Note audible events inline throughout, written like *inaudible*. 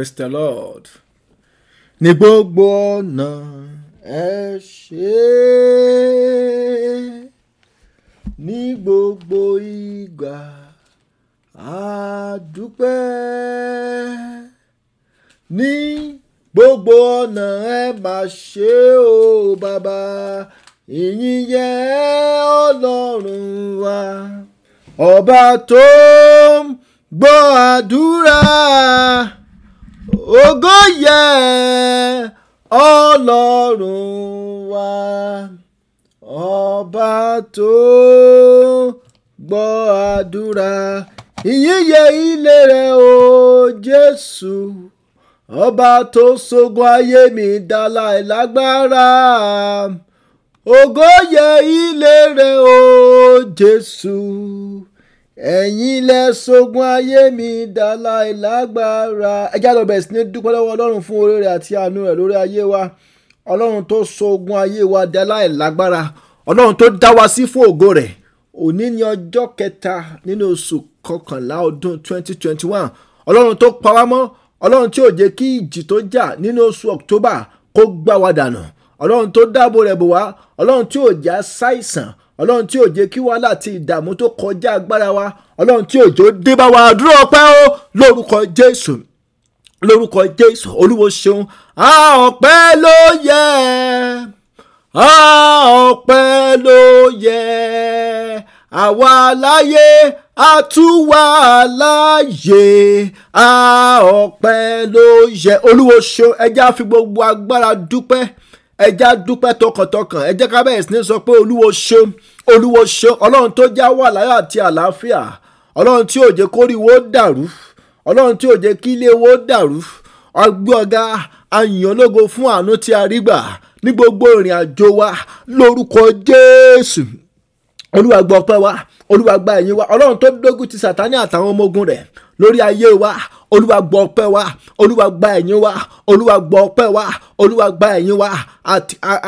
Praise the Lord. Ní gbogbo ọ̀nà ẹ ṣé ní gbogbo ìgbà àdúpẹ́ ní gbogbo ọ̀nà ẹ mà ṣé o bàbá ìyìn yẹ ọlọ́run wa ọba tó ń gbọ́ àdúrà ògo yẹ ọlọ́run wa ọba tó gbọ́ àdúrà ìyíyẹ ilé rẹ o jésù ọba tó ṣògo ayé mi dàlà ìlágbára ògo yẹ ilé rẹ o jésù ẹ̀yin lẹ sógun ayé mi dàlà ìlágbára ẹjá lọ bẹ̀rẹ̀ sí ní dúpẹ́ lọ́wọ́ ọlọ́run fún oore rẹ̀ àti àánú rẹ̀ lórí ayé wa ọlọ́run tó sógun ayé wa dàlà ìlágbára ọlọ́run tó dá wa sí fún ògo rẹ̀ òní ni ọjọ́ kẹta nínú oṣù kọkànlá ọdún 2021 ọlọ́run tó pa wá mọ́ ọlọ́run tí ò jẹ́ kí ìjì tó jà nínú oṣù October kó gbá wa dànù ọlọ́run tó dáàbò rẹ̀ bò wá ọlọ́run tí ò já sáìsàn ọlọ́run tí ò jẹ́ kí wá láti ìdààmú tó kọjá agbára wa ọlọ́run tí òjò dé bá wa dúró ọpẹ́ o lórúkọ jésù lórúkọ jésù olúwo ṣeun a ọpẹ́ ló yẹ a ọpẹ́ ló yẹ àwa láyé a tún wà láàyè a ọpẹ́ ló yẹ olúwo ṣeun ẹjẹ́ á gbogbo agbára dúpẹ́ ẹjẹ́ á dúpẹ́ tọkàntọkàn ẹjẹ́ ká bẹ̀rẹ̀ sí ní sọ pé olúwo ṣeun olúwo ṣeun ọlọ́run tó já wà láyọ̀ àti àlàáfíà ọlọ́run tí ò jẹ́ kóríwó dàrú ọlọ́run tí ò jẹ́ kí ilé wo dàrú ọgbẹ́ ọ̀gá ayìnlógo fún àánú tí a rí gbà ní gbogbo ìrìn àjò wa lórúkọ Jésù olúwa gbọ́ ọpẹ́ wa olúwa gba ẹ̀yìn wa ọlọ́run tó dógún ti Sátánì àtàwọn ọmọ ogun rẹ̀ lórí ayé wa olúwa gbọ́ ọpẹ́ wa olúwa gba ẹ̀yìn wa olúwa gbọ́ ọpẹ́ wa olúwa gba ẹ̀yìn wa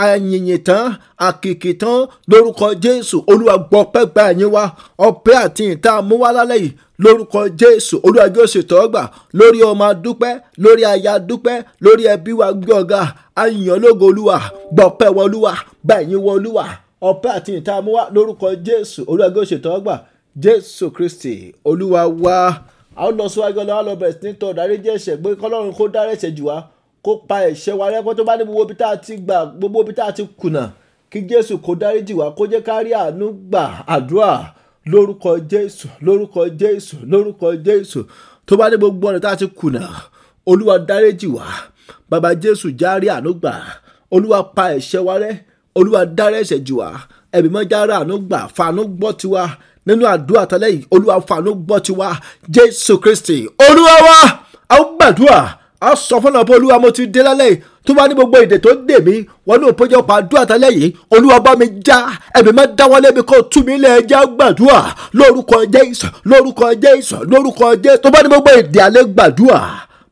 àyìnyìn tán àkìkì tán lórúkọ jésù olúwa gbọ́ ọpẹ́ gba ẹ̀yìn wa ọpẹ́ àti ìta amúwá lálẹ́ yìí lórúkọ jésù olúwa yóò ṣètò ọgbà lórí ọmọ adúpẹ́ lórí aya dúpẹ́ lórí ẹbí wa gbé ọ̀gá àyìnlógo olúwa gbọ́ ọpẹ́ wọ gba ẹ̀yìn wọ ọpẹ́ àti ìta amúwá lórúkọ jésù olúwa yóò ṣètò ọgbà jésù kristi olúwa wá a ó lọ síwájú ọlọ́run a lọ bẹ̀rẹ̀ sí ní tọ́ ìdáríjì ẹ̀ṣẹ̀ pé kọ́lọ́run kó dárí ẹ̀ṣẹ̀ jù wá kó pa ẹ̀ṣẹ̀ wa rẹ́pẹ́ tó bá ní gbogbo ibi tá a ti gbà gbogbo ibi tá a ti kùnà kí jésù kó dáríjì wá kó jẹ́ ká rí àánú gbà àdúrà lórúkọ jésù lórúkọ jésù lórúkọ jésù tó bá ní gbogbo ọ̀nà tá a ti kùnà olúwa dáríjì wá bàbá jésù já àánú gbà olúwa pa ẹ̀ṣẹ̀ wa rẹ́ olúwa dárí ẹ̀ṣẹ̀ jù wá ẹ̀mí mọ́ já àánú gbà fàánú gbọ́ tiwa nínú àdúrà tọ́lẹ̀ yìí olúwa fàánú gbọ́ tiwa jésù kristi olúwa wa a ó gbàdúrà a sọ fọ́nà pé olúwa mo ti dé lálẹ́ yìí tó bá ní gbogbo èdè tó dè mí wọn ní òpéjọpọ̀ àdúrà tálẹ̀ yìí olúwa bá mi já ẹ̀mí má dáwọ́lé mi kó tú mi lẹ̀ já gbàdúrà lórúkọ jésù lórúkọ jésù lórúkọ jésù tó bá ní gbogbo èdè alẹ́ gbàdúrà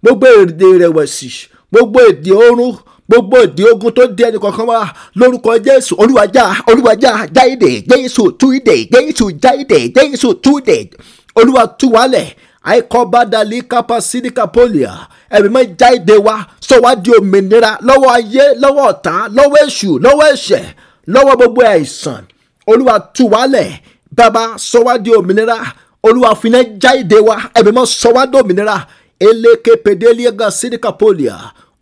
gbogbo èdè rẹ̀wẹ̀sì gbogbo èdè oorun gbogbo ìdí ogun tó di ẹnìkankan wá lórúkọ jésù olúwàjà olúwàjà jáde jésù túìdè jésù jáde jésù túìdè olúwa túwálẹ̀ àìkọ́bádàlí kápá sídìkàpọ́lìà ẹ̀mí mọ́ jáde wá sọ wá di òmìnira lọ́wọ́ ayé lọ́wọ́ ọ̀tá lọ́wọ́ èṣù lọ́wọ́ ẹ̀ṣẹ̀ lọ́wọ́ gbogbo àìsàn olúwa túwálẹ̀ bàbá sọ wá di òmìnira olúwa fúnẹ́ jáde wá ẹ̀mí mọ́ sọ òmìnira eléke pèdélíẹ̀gà sídìkàpọ́lìà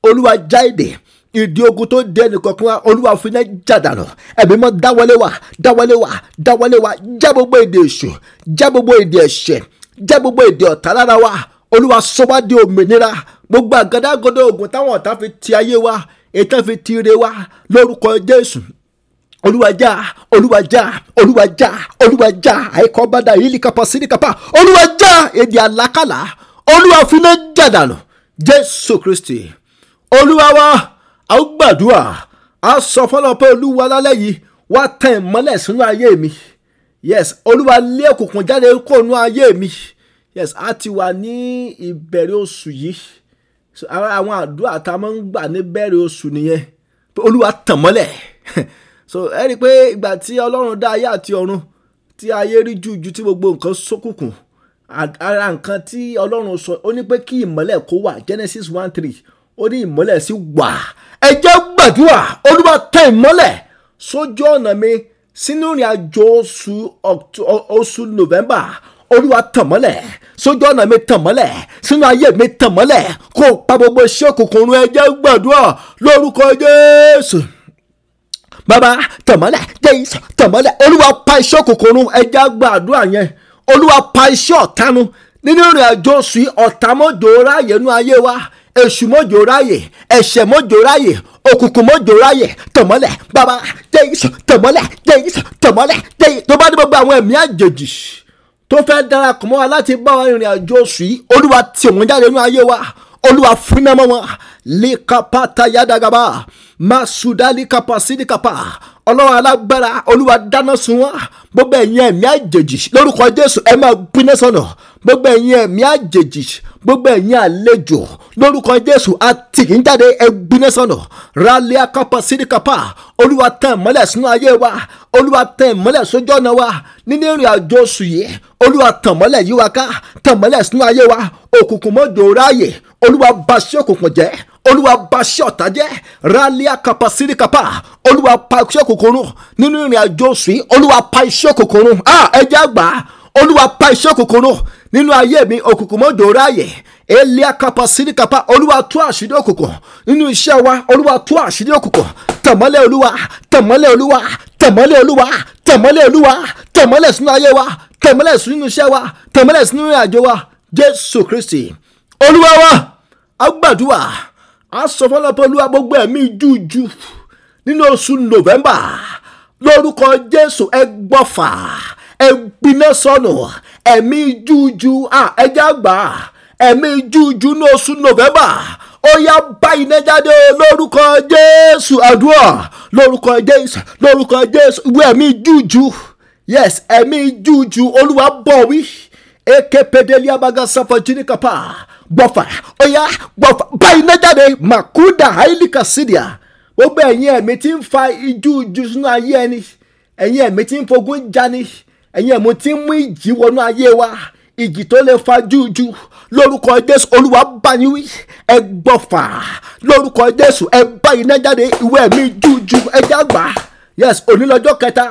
olúwa jáde ìdí ogun tó dé ẹnìkọ̀ọ̀kan wa olúwa fi iná jàdánù ẹ̀mí mọ́ dáwọlé wa dáwọlé wa dáwọlé wa já gbogbo èdè èṣù já gbogbo èdè ẹ̀ṣẹ̀ já gbogbo èdè ọ̀tá lára wa olúwa sọ di òmìnira gbogbo àgádágodo ogun táwọn ọ̀tá fi ti ayé wa ètò fi ti ire wa lórúkọ jésù olùwàjà olùwàjà olùwàjà olùwàjà àìkọ́bádà ìlíkapa sílíkapa olùwàjà èdè àlákàlà olúwa fi iná jàdánù jésù kristi olúwa wa a ó gbàdúrà a sọ fọlọ́ pé olúwa lálẹ́ yìí wá tẹ̀ mọ́lẹ̀ sínú ayé mi yes olúwa lé òkùnkùn jáde kó nú ayé mi yes a ti wà ní ìbẹ̀rẹ̀ oṣù yìí ara àwọn àdúrà tá a máa ń gbà ní bẹ̀rẹ̀ oṣù nìyẹn pé olúwa tàn mọ́lẹ̀ *laughs* so ẹ rí i pé ìgbà tí ọlọ́run dá ayé àti ọ̀run tí ayé rí jújú tí gbogbo nǹkan ṣókùnkùn ara nǹkan tí ọlọ́run sọ ó ní pé kí ìmọ́lẹ̀ kó wà Genesis one three ó ní ìmọ́lẹ̀ sí wà ẹ jẹ́ gbàdúrà olúwa tẹ ìmọ́lẹ̀ sójú ọ̀nà mi sínú ìrìn àjò oṣù oṣù november olúwa tàn mọ́lẹ̀ sójú ọ̀nà mi tàn mọ́lẹ̀ sínú ayé mi tàn mọ́lẹ̀ kó o pa gbogbo iṣẹ́ òkùnkùn run ẹ jẹ́ gbàdúrà lórúkọ jésù bàbá tàn mọ́lẹ̀ jésù tàn mọ́lẹ̀ olúwa pa iṣẹ́ òkùnkùn run ẹ jẹ́ gbàdúrà yẹn olúwa pa iṣẹ́ ọ̀tá run nínú ìrìn àjò oṣù ọ̀tá mọ́jọ́ ayé wa èṣù mọ́jọ ráyè ẹ̀ṣẹ̀ mọ́jọ ráyè òkùnkùn mọ́jọ ráyè tọ̀mọ́lẹ̀ bàbá jẹ́yìísọ̀ tọ̀mọ́lẹ̀ jẹ́yìísọ̀ tọ̀mọ́lẹ̀ jẹ́yìí tó bá ní gbogbo àwọn ẹ̀mí àjèjì tó fẹ́ darapọ̀ mọ́ wa láti bá wa rìnrìn àjò oṣù yìí olúwa tì wọ́n jáde nínú ayé wa olúwa fúnná mọ́ wọn likapata yadagaba masuda likapa sidikapa ọlọ́run alágbára olúwa dáná sun wọn gbogbo ẹ̀yin ẹ̀mí àjèjì lórúkọ jésù ẹ máa gbiná sọ̀nà gbogbo ẹ̀yin ẹ̀mí àjèjì gbogbo ẹ̀yin àlejò lórúkọ jésù àtìkíjáde ẹgbinẹ sọnà rálẹ̀ akọ́pọ̀ sídìkápá olúwa tẹ̀ mọ́lẹ̀ sínú ayé wa olúwa tẹ̀ mọ́lẹ̀ sójú ọ̀nà wa nínú ìrìn àjò oṣù yìí olúwa tàn mọ́lẹ̀ yí wa ká tàn mọ́lẹ̀ sínú ayé wa òkùnkùn mọ́jọ ráàyè olúwa bà ṣẹ́ òkùnkùn jẹ́ olúwa bà ṣẹ́ ọ̀tá jẹ́ rálẹ̀ akọ́pọ̀ sídìkápá olúwa pa iṣẹ́ òkùnkùn run nínú ìrìn àjò oṣù yìí olúwa pa iṣẹ́ òkùnkùn ẹ olúwa pa iṣẹ́ òkùnkùn nínú ayé mi òkùnkùn mọ́ dòrò àyè elia kapa sini kapa olúwa tú àṣírí òkùnkùn nínú iṣẹ́ wa olúwa tú àṣírí òkùnkùn tẹ̀mọ́lẹ̀ olúwa tẹ̀mọ́lẹ̀ olúwa tẹ̀mọ́lẹ̀ olúwa tẹ̀mọ́lẹ̀ olúwa tẹ̀mọ́lẹ̀ sínú ayé wa tẹ̀mọ́lẹ̀ sínú iṣẹ́ wa tẹ̀mọ́lẹ̀ sínú ìrìnàjò wa jésù kristi olúwa wa agbàdúrà asọfọlọpọ olúwa gbogbo ẹ̀mí jújú nínú oṣù november lórúkọ jésù ẹgbọ́fà ẹgbiná sọnù ẹ̀mí jújú ẹja gbà ẹ̀mí jújú ní oṣù november ó yá báyìí náà jáde lórúkọ jésù àdúrà lórúkọ jésù lórúkọ jésù ìwé ẹ̀mí jújú yes ẹ̀mí juju. olúwa bọ̀ wí èké pédélé abagasa fọjírí kápá gbọ̀fà ó yá gbọ̀fà báyìí náà jáde màkúdà hailika sídìá gbogbo ẹ̀yin ẹ̀mí tí ń fa ijú jù sínú ayé ẹni ẹ̀yin ẹ̀mí tí ń fogun jani ẹ̀yin ẹ̀mú tí ń mú ìjì wọnú ayé wa ìjì tó lè fa jújú lórúkọ jésù olúwa báyìí wí ẹ gbọ́fà lórúkọ jésù ẹ báyìí náà jáde ìwé mi jújú ẹ já gbà yes onílọ́jọ́ kẹta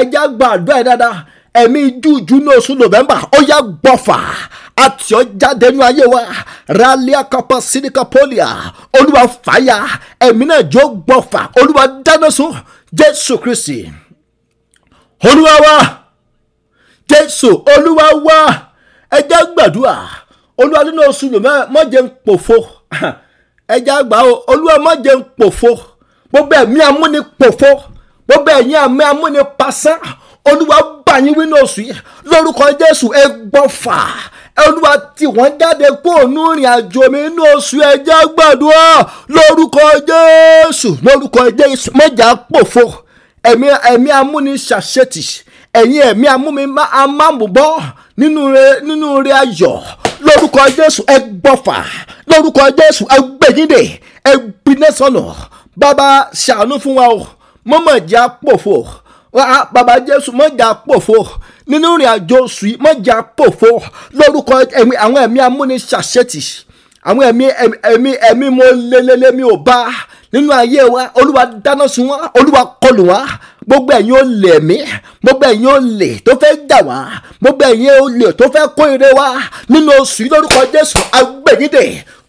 ẹ já gbà àdúrà ẹ dáadáa ẹ̀mí jújú ní oṣù nọ́vẹ́mbà ó yá gbọ́fà àti ọjáde nínú ayé wa ralia kapa sinika polia olúwa fàyà ẹ̀mí náà jó gbọ́fà olúwa dáná sun jésù kristi olúwa wa jésù olúwa wá ẹ jẹ́ gbàdúrà olúwa nínú oṣù lòmọ́ má jẹ́ n pòfo ẹ jẹ́ gbà ó olúwa má jẹ́ n pòfo gbogbo ẹ̀mí amúnipòfo gbogbo ẹ̀yìn àmì amúnipasán olúwa bá yín wí ní oṣù yìí lórúkọ jésù ẹ gbọ́n fà olúwa tí wọ́n jáde kó ònú ìrìn àjò mi ní oṣù ẹ jẹ́ gbàdúrà lórúkọ jésù lórúkọ jésù má jẹ́ pòfo ẹ̀mí amúnisàṣetì ẹ̀yin ẹ̀mí amúmimá amámúbọ́ nínú rẹ̀ nínú rẹ̀ ayọ̀ lórúkọ jésù ẹ gbọ́fà lórúkọ jésù ẹ gbẹ̀yìndè ẹ gbiná sọnà bàbá ṣàánú fún wa o mọ́mọ́ ìjà pòfo bàbá jésù mọ́jà pòfo nínú ìrìn àjò oṣù yìí mọ́jà pòfo lórúkọ ẹ̀mí àwọn ẹ̀mí amúniṣàṣẹ́tì àwọn ẹ̀mí ẹ̀mí ẹ̀mí mo lélẹ́lẹ́ mi ò bá nínú ayé wa olúwa dáná sun wa olúwa kọlù wa gbogbo ẹ̀yin olè mi gbogbo ẹ̀yin olè tó fẹ́ jà wá gbogbo ẹ̀yin olè tó fẹ́ kó ire wá nínú oṣù yìí lórúkọ Jésù agbẹ̀yìndè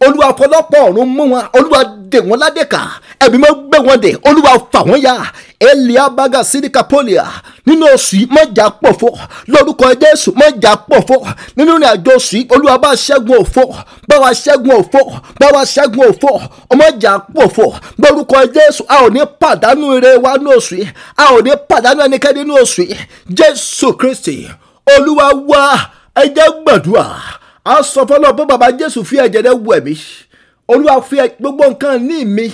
olúwa fọlọ́pọ̀ ọ̀run mú wọn olúwa dè wọ́n ládèkà ẹ̀mí mọ́ gbé wọn dè olúwa fà wọ́n ya elia baga sirika polia nínú oṣù yìí mọ̀jà pòfo lórúkọ jésù mọ̀jà pòfo nínú ìrìn àjò oṣù yìí olúwa bá ṣẹ́gun òfo bá wa ṣẹ́gun òfo bá wa ṣẹ́gun òfo ọmọjà pòfo lórúkọ jésù a ò ní pàdánù ire wa ní oṣù yìí a ò ní pàdánù ẹnikẹ́ni ní oṣù yìí jésù kristi olúwa wá ẹ gbàdúrà a sọ fọlọ́ pé bàbá jésù fi ẹ̀jẹ̀ rẹ wẹ̀ mí olúwa fi gbogbo nǹkan ní mi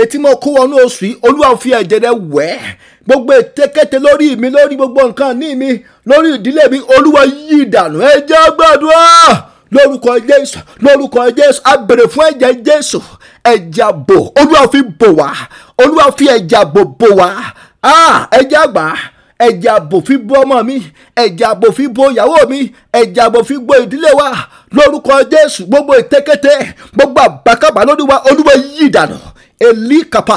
etí mo kó wọnú oṣù yìí olúwa fi ẹ̀jẹ̀ rẹ wẹ̀ gbogbo ètekéte lórí mi lórí gbogbo nǹkan ní mi lórí ìdílé mi olúwa yí ìdànù ẹ jẹ́ gbàdúrà lórúkọ jésù lórúkọ jésù a béèrè fún ẹ̀jẹ̀ jésù ẹ̀jẹ̀ bò olúwa fi bò wá olúwa fi ẹ̀jẹ̀ bò bò wá ah, ẹ̀jẹ̀ àgbà ẹ̀jẹ̀ àbò fi bo ọmọ mi ẹ̀jẹ̀ àbò fi bo ìyàwó mi ẹ̀jẹ̀ àbò fi bo ìdílé wa lórúkọ Jésù gbogbo ìtẹ́kẹ́tẹ́ gbogbo àbákàbà lórí wa Olúwa yí dànù èlì kàpà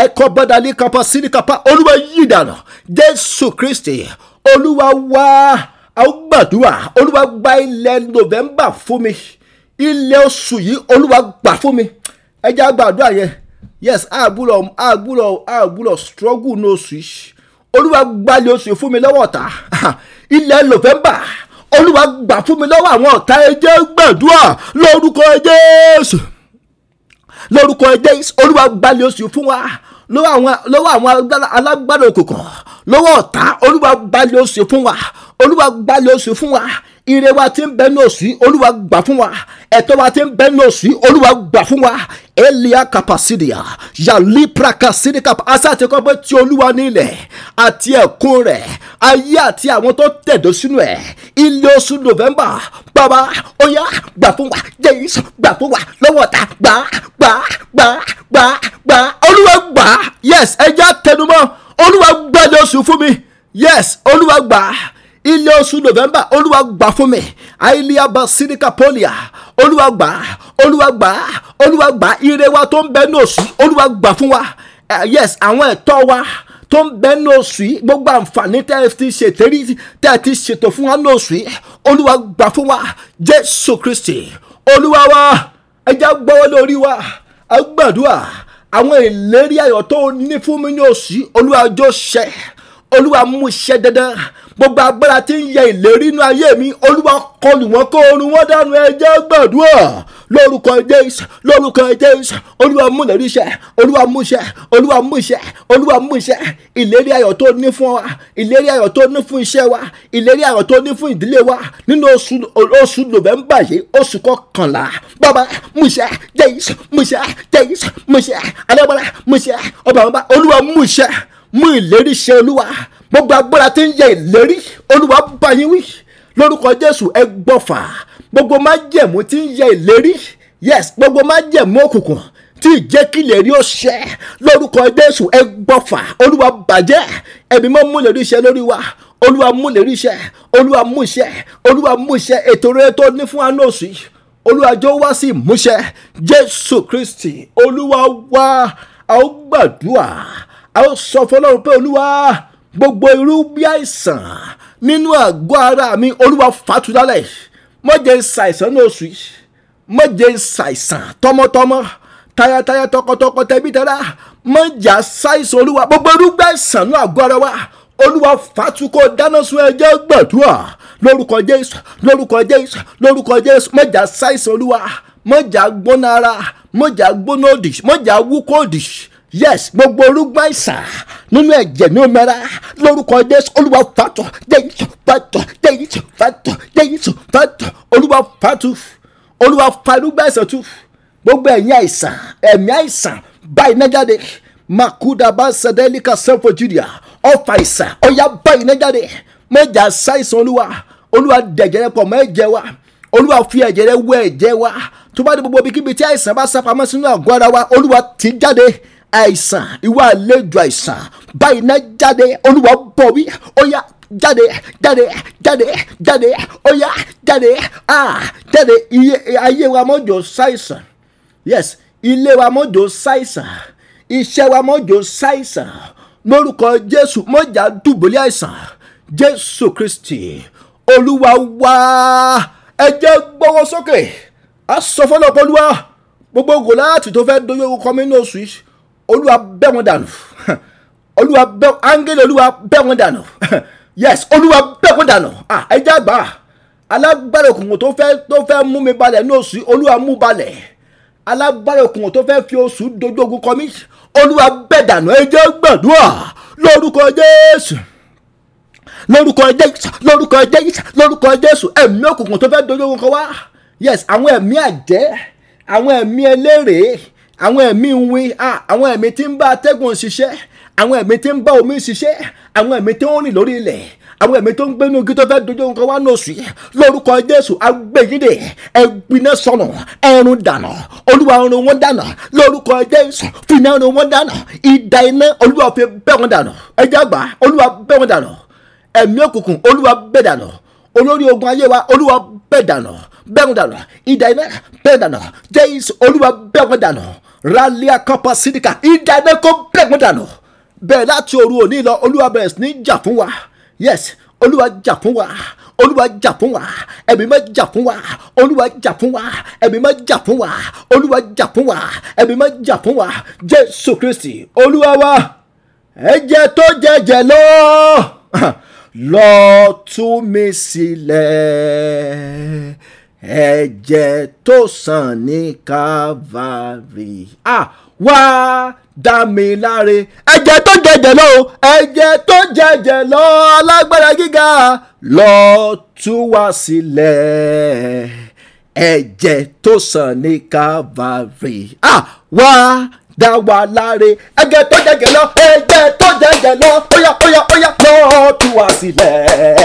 àìkọ́bọ̀dàlì kàpà sílì kàpà Olúwa yí dànù Jésù Kristi Olúwa wá àgbàdúrà Olúwa gba ilẹ̀ November fún mi ilẹ̀ oṣù yìí Olúwa gbà fún mi ẹ̀jẹ̀ àgbàdúrà yẹn yes àgbúrò àgbúrò àgbúrò struggle no switch olúwa gbalẹ̀ oṣù fún mi lọ́wọ́ ọ̀tá *laughs* ilẹ̀ nọ́fẹ̀mbà olúwa gbà fún mi lọ́wọ́ àwọn ọ̀tá ẹ jẹ́ gbàdúrà lórúkọ Jésù lórúkọ Jésù olúwa gbalẹ̀ oṣù fún wa lọ́wọ́ àwọn alágbára òkùnkùn lọ́wọ́ ọ̀tá olúwa gbalẹ̀ oṣù fún wa olúwa gbalẹ̀ oṣù fún wa ire wa ti ń bẹ ní òsì olúwa gbà fún wa ẹ̀tọ́ wa ti ń bẹ ní òsì olúwa gbà fún wa elia kapasidia yali prakasidi kap asa ti kọ́ pé ti olúwa ní ilẹ̀ àti ẹ̀kún rẹ̀ ayé àti àwọn tó tẹ̀dó sínú ẹ̀ ilé oṣù november bàbá oya gbà fún wa jẹ́yìísọ gbà fún wa lọ́wọ́ ta gbà gbà gbà gbà gbà olúwa gbà yes ẹja tẹnumọ́ olúwa gbàdé oṣù fún mi yes olúwa gbà ilé oṣù november olúwa gbà fún mi àìlíàbà síríkà pọ́lìà olúwa gbà olúwa gbà olúwa gbà ire wa tó ń bẹ ní oṣù olúwa gbà fún wa eh, yes àwọn ẹ̀tọ́ wa tó ń bẹ ní oṣù yìí gbogbo àǹfààní tẹ́ ẹ ti ṣètẹ́rí tẹ́ ẹ ti ṣètò fún wa ní oṣù yìí olúwa gbà fún wa jésù kristi olúwa wa ẹja gbọ́wọ́ lórí wa agbàdúrà àwọn ìlérí ayọ̀ tó ní fún mi ní oṣù yìí olúwa jọ ṣẹ olúwa mú ṣẹ dandan gbogbo agbára tí ń yẹ ìlérí inú ayé mi olúwa kọlù wọn kó orun wọn dànù ẹjẹ gbàdúrà lórúkọ jésù lórúkọ jésù olúwa mú ìlérí ṣẹ olúwa mú ṣẹ olúwa mú ṣẹ olúwa mú ṣẹ ìlérí ayọ̀ tó ní fún wa ìlérí ayọ̀ tó ní fún iṣẹ́ wa ìlérí ayọ̀ tó ní fún ìdílé wa nínú oṣù oṣù nọ́vẹ́mbà yìí oṣù kọkànlá bàbá mú ṣẹ jésù mú ṣẹ jésù mú ṣẹ alẹ́ bọ́lá mú ṣẹ ọba bàbá olúwa mú ṣẹ mú ìlérí ṣe olúwa gbogbo agbára tí ń yẹ ìlérí olúwa bá yín wí lórúkọ jésù ẹ gbọ́fà gbogbo májẹ̀mú tí ń yẹ ìlérí yes gbogbo májẹ̀mú òkùnkùn tí ìjẹ́kílẹ̀ rí ó ṣẹ lórúkọ jésù ẹ gbọ́fà olúwa bàjẹ́ ẹ̀mí mọ́ mú ìlérí ṣẹ lórí wa olúwa mú ìlérí ṣẹ olúwa mú iṣẹ́ olúwa mú iṣẹ́ ètò rere tó ní fún àánú òsì olúwa jọ wá sí ìmúṣẹ jésù kristi olúwa wá a ó gbàdúrà a ó sọ fọlọ́run pé olúwa gbogbo irú bí àìsàn nínú àgọ́ ara mi olúwa fàtúndálẹ̀ mo jẹ́ ṣàìsàn ní oṣù yìí mo jẹ́ ṣàìsàn tọmọtọmọ tayataya tọkọtọkọ tẹbítara mo jà ṣàìsàn olúwa gbogbo irú bí àìsàn ní àgọ́ ara wa olúwa fàtúkọ dáná sun ẹjẹ gbàdúrà lórúkọ jésù lórúkọ jésù lórúkọ jésù mọjà ṣàìsàn olúwa mọjà gbóná ara mọjà gbóná òdì mọjà wúkọ òdì yes gbogbo orúgbọ́n àìsàn nínú ẹ̀jẹ̀ ní omi ara lórúkọ jésù olúwa fàtọ̀ jésù fàtọ̀ jésù fàtọ̀ jésù fàtọ̀ olúwa fàtú olúwa farúgbà àìsàn tú gbogbo ẹ̀yìn àìsàn ẹ̀mí àìsàn báyìí náà jáde makudaba sadẹ́líkà sẹ́fọ̀ jùlíà ọ̀fà àìsàn ọ̀yà báyìí náà jáde mẹ́jà sáìsàn olúwa olúwa dẹ̀jẹ̀ rẹ pọ̀ wa olúwa fi ẹ̀jẹ̀ rẹ wẹ̀ ẹ̀jẹ̀ wa tó bá dé gbogbo ibikíbi tí àìsàn bá sápamọ́ sínú àgọ́ ara wa olúwa ti jáde àìsàn ìwà àlejò àìsàn báyìí náà jáde olúwa bọ̀ wí ó yá jáde jáde jáde jáde ó jáde ah jáde iye ayé wa mọ́jọ ṣàìsàn yes ilé wa mọ́jọ ṣàìsàn iṣẹ́ wa mọ́jọ ṣàìsàn lórúkọ jésù mọ́jà dùbọ̀lẹ́ àìsàn jésù kristi olúwa wá ẹ jẹ́ gbọ́wọ́ sókè a sọ fọlọ́pọ̀ olúwa gbogbo gòláàtì tó fẹ́ dojú kọ mí ní oṣù yìí olúwa bẹ́ wọn dànù *laughs* olúwa bẹ́ áńgẹ́lì olúwa bẹ́ wọn dànù *laughs* yes olúwa bẹ́ wọn dànù ah ẹjẹ́ àgbà alágbára òkùnkùn tó fẹ́ tó fẹ́ mú mi balẹ̀ ní oṣù olúwa mú balẹ̀ alágbára òkùnkùn tó fẹ́ fi oṣù dojú ogun kọ mí olúwa bẹ́ dànù ẹjẹ́ gbàdúrà lórúkọ jésù lórúkọ jésù lórúkọ jésù lórúkọ jésù ẹ̀mí òkùnkùn tó fẹ́ dojú ogun kọ wá yes àwọn ẹ̀mí àjẹ́ àwọn ẹ̀mí ẹlẹ́rèé àwọn ẹ̀mí ń wí àwọn ẹ̀mí tí ń bá atẹ́gùn ṣiṣẹ́ àwọn ẹ̀mí tí ń bá omi ṣiṣẹ́ àwọn ẹ̀mí tí ń rìn lórí ilẹ̀ àwọn ẹ̀mí tó ń gbénu igi tó fẹ́ dojú nǹkan wá n'oṣù yìí lórúkọ jésù agbẹ́yìndé ẹgbiná sọnù ẹrun dànù olúwa run wọn dànù lórúkọ jésù fìnnà run wọn dànù ìdá iná olúwa fi bẹ́ wọn dànù ẹjẹ́ àgbà olúwa bẹ́ wọn dànù ẹ̀mí òkùnkùn olúwa bẹ́ dànù olórí ogun ayé wa olúwa bẹ́ dànù bẹ́ wọn dànù ìdá iná bẹ́ dànù jésù olúwa bẹ́ wọn dànù Rally kọ́pọ̀ sídìkà ìdáná kó bẹ́ẹ̀gbọ́n dànù bẹ́ẹ̀ láti òru òní lọ olúwa bẹ̀rẹ̀ sí ní jà fún wa yes olúwa jà fún wa olúwa jà fún wa ẹ̀mí má jà fún wa olúwa jà fún wa ẹ̀mí má jà fún wa olúwa jà fún wa ẹ̀mí má jà fún wa jésù kristi olúwa wa ẹ̀jẹ̀ tó jẹ̀jẹ̀ lọ *laughs* lọ tú mi sílẹ̀ ẹ̀jẹ̀ tó sàn ní Calvary ah wá dá mi láre ẹ̀jẹ̀ tó jẹ̀jẹ̀ lọ ẹ̀jẹ̀ tó jẹ̀jẹ̀ lọ alágbára gíga lọ tú wa sílẹ̀ ẹ̀jẹ̀ tó sàn ní Calvary wá dá wa re, ẹgẹ tó jẹgẹ lọ ẹgẹ tó jẹgẹ lọ óyá óyá óyá lọ tú wa sílẹ̀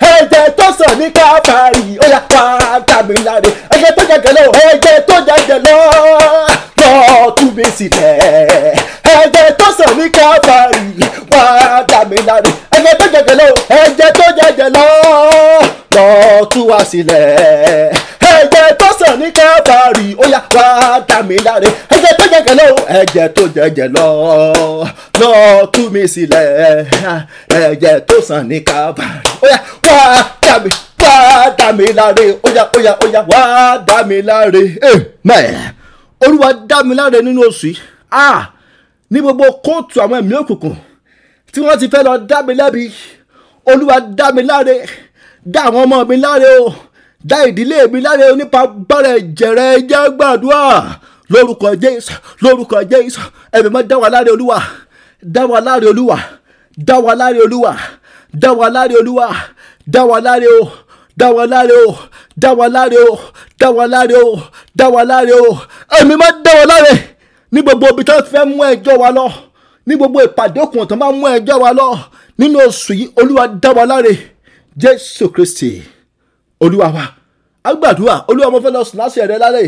ẹgẹ tó sàn ní káfárì óyá wá dá mi láre ẹgẹ tó jẹgẹ lọ ẹgẹ tó jẹgẹ lọ lọ tú mi sílẹ̀ ẹgẹ tó sàn ní káfárì wá dá láre ẹgẹ tó jẹgẹ lọ ẹgẹ tó jẹgẹ lọ lọ tú wa sílẹ̀ ẹ̀jẹ̀ tó sàn ní Kálífárì ó yá wá dá mi láre ẹ̀jẹ̀ tó jẹ̀jẹ̀ lọ ẹ̀jẹ̀ tó jẹ̀jẹ̀ lọ lọ tú mi sílẹ̀ ẹ̀jẹ̀ tó sàn ní Kálífárì ó yá wá dá mi wá dá mi láre ó yá ó wá dá mi láre amen olúwa dá mi láre nínú oṣù yìí ah ní gbogbo kóòtù àwọn ẹ̀mí òkùnkùn tí wọ́n ti fẹ́ lọ dá mi lẹ́bi olúwa dá mi láre dá àwọn ọmọ mi láre o dá ìdílé mi láre onípàgbára ìjẹ̀rẹ̀ ẹjẹ́ gbàdúrà lórúkọ jésù lórúkọ jésù ẹ̀mí mọ́ dá wa láre olúwa dá wa láre olúwa dá wa láre olúwa dá wa láre olúwa dá wa láre o dá wa láre o dá wa láre o dá wa láre o dá wa láre o ẹ̀mí mọ́ dá wa láre ní gbogbo ibi tó fẹ́ mú ẹjọ́ wa lọ ní gbogbo ìpàdé òkun tó máa mú ẹjọ́ wa lọ nínú oṣù yìí olúwa dá wa jésù kristi olúwa wa agbàdúrà olúwa mo fẹ́ lọ sùn láṣẹ rẹ lálẹ́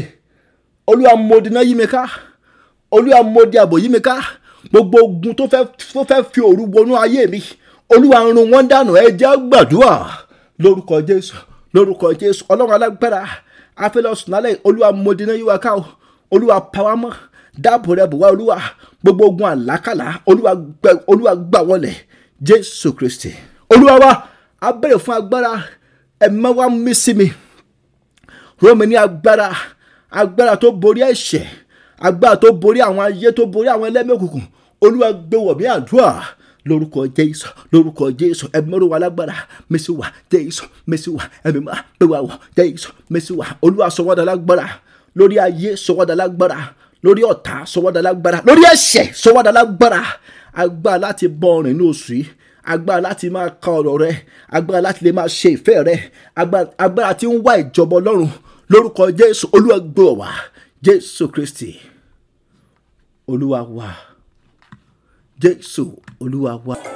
olúwa mo dènà yí mi ká olúwa mo di àbò yí mi ká gbogbo ogun tó fẹ́ tó fẹ́ fi òru wọnú ayé mi olúwa ń run wọ́n dànù ẹ jẹ́ gbàdúrà lórúkọ jésù lórúkọ jésù ọlọ́run alágbára a lálẹ́ olúwa mo dènà yí wa ká o olúwa pa mọ́ dáàbò rẹ bò olúwa gbogbo ogun àlákàlà olúwa gbà wọlẹ̀ jésù kristi olúwa wa a fún agbára ẹ̀mẹ́ wa mí sí mi Róòmù ní agbára agbára tó borí ẹ̀ṣẹ̀ agbára tó borí àwọn ayé tó borí àwọn ẹlẹ́mìí òkùnkùn olúwa gbé wọ̀ bí àdúrà lórúkọ jésù lórúkọ jésù ẹ̀mẹ́rún wa lágbára mẹ́sìwá jésù mẹ́sìwá ẹ̀mẹ́má gbéwà wọ̀ jésù mẹ́sìwá olúwa sọ̀wọ́dà lágbára lórí ayé sọ̀wọ́dà lágbára lórí ọ̀tá sọ̀wọ́dà lágbára lórí ẹ̀ṣẹ̀ sọ̀wọ́dà lágbára agbára láti bọ́ ọ̀rìn ní oṣù yìí agbára láti máa ka ọ̀rọ̀ rẹ agbára láti lè máa ṣe ìfẹ́ rẹ agbára tí ń wá ìjọba ọlọ́run lórúkọ jésù olúwa jésù kristi olúwa wá jésù olúwa wá.